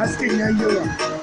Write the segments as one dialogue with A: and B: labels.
A: Hasken ya yi yawa.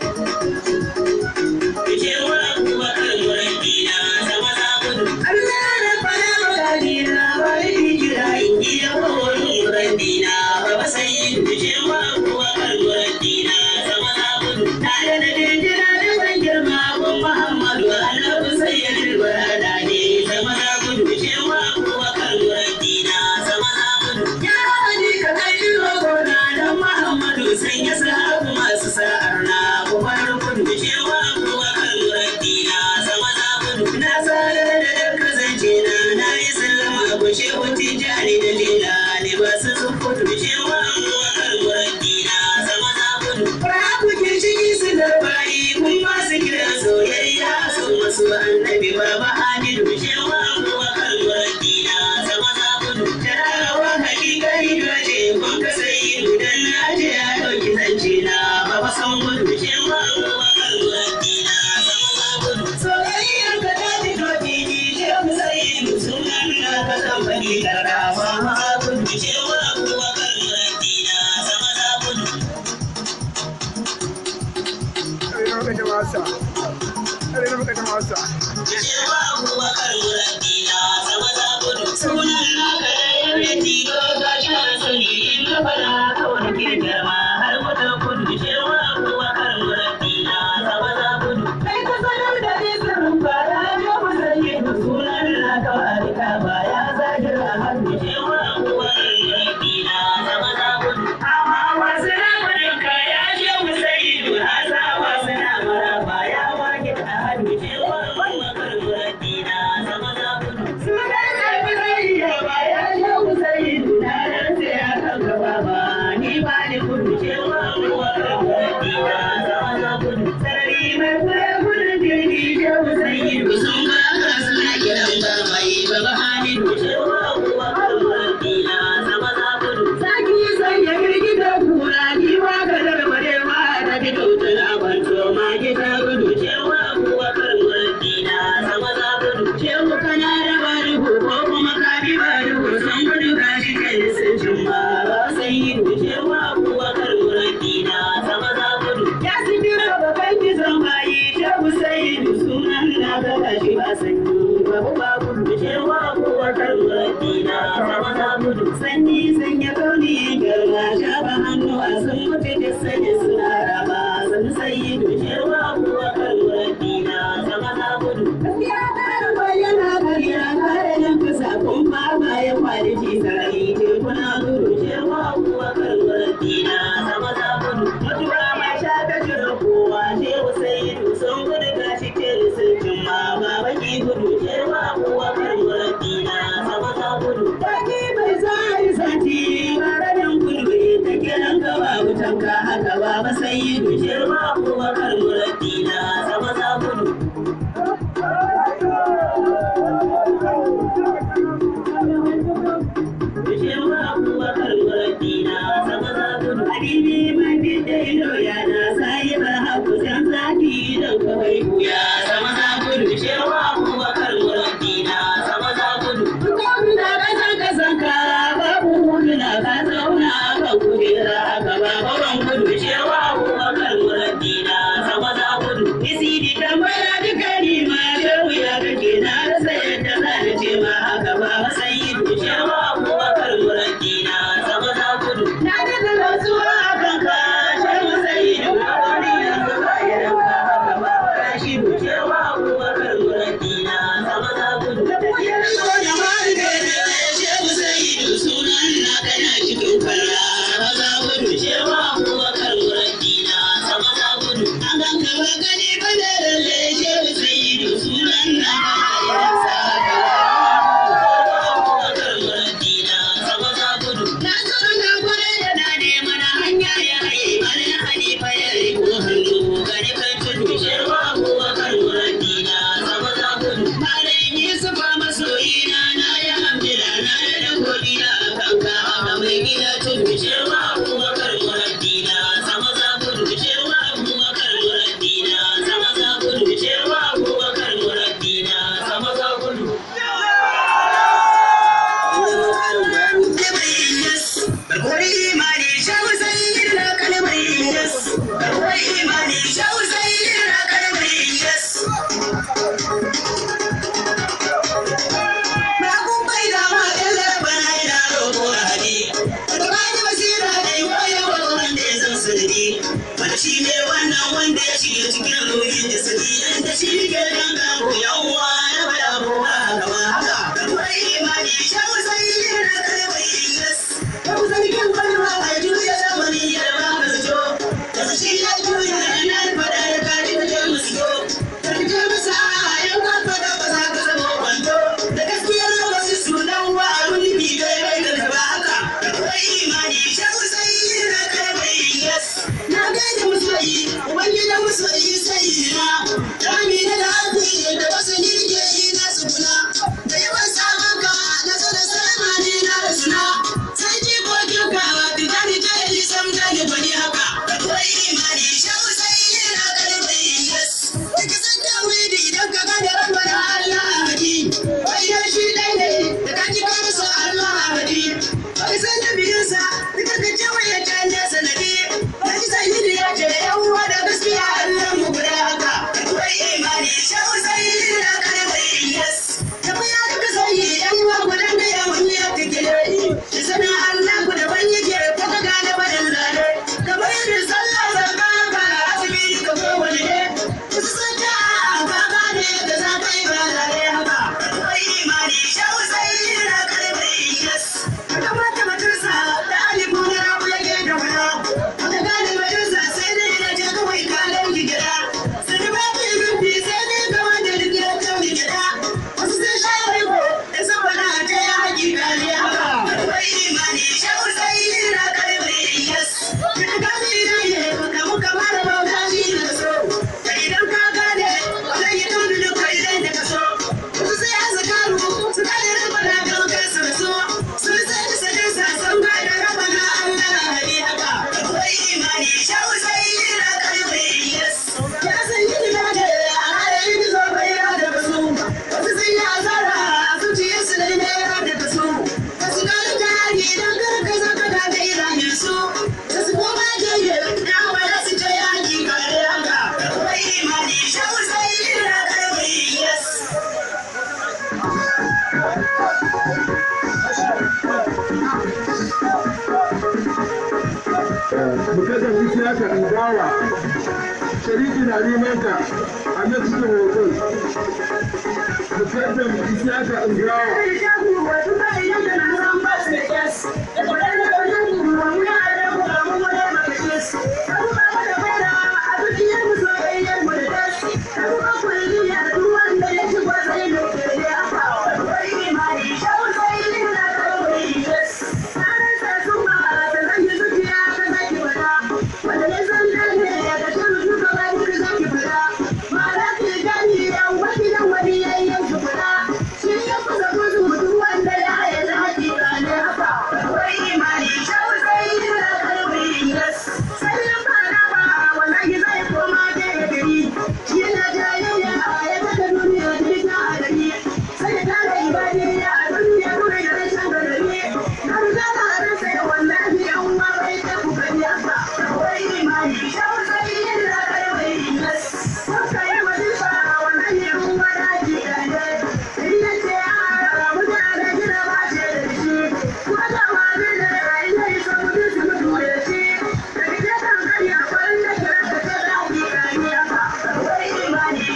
A: The president is not on ground.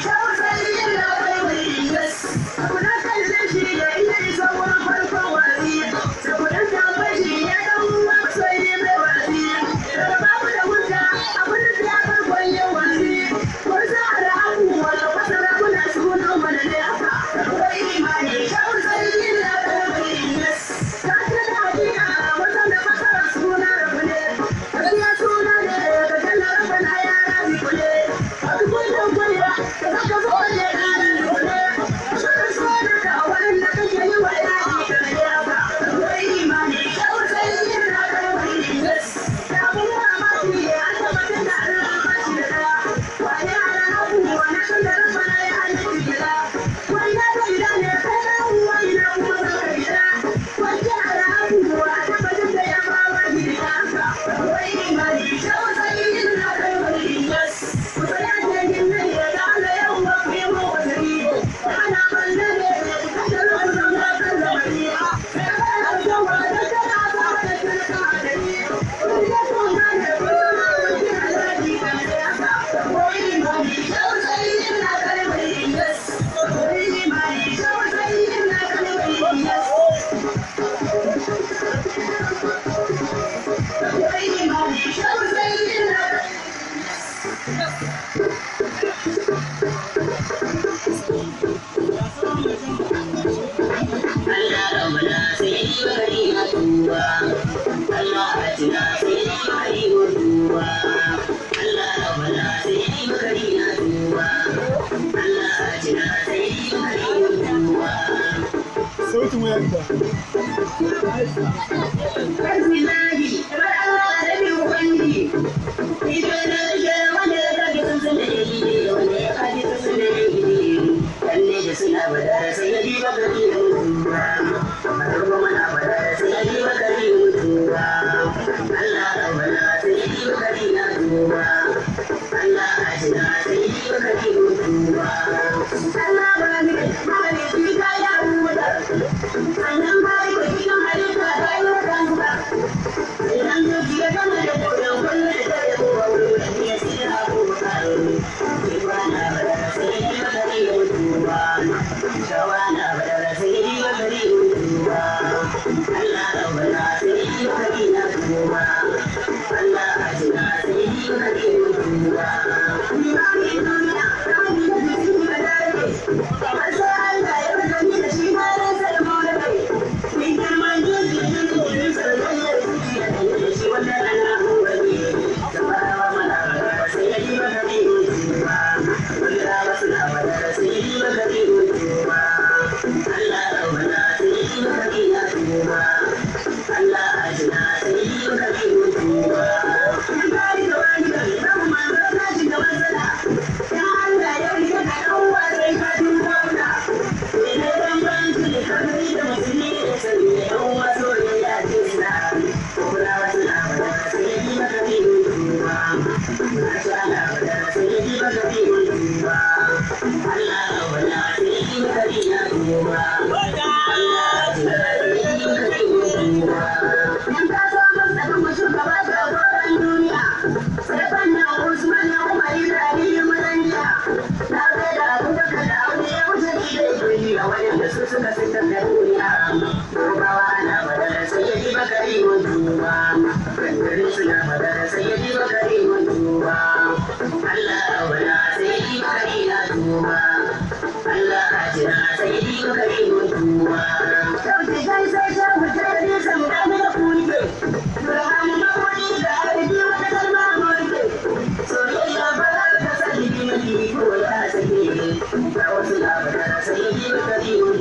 A: Tell Bismillahi, kamar Allah da bin wani, Thank you.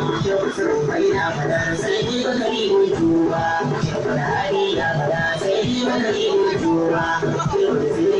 A: Yau na fada sai ni ba kari mai na sai ni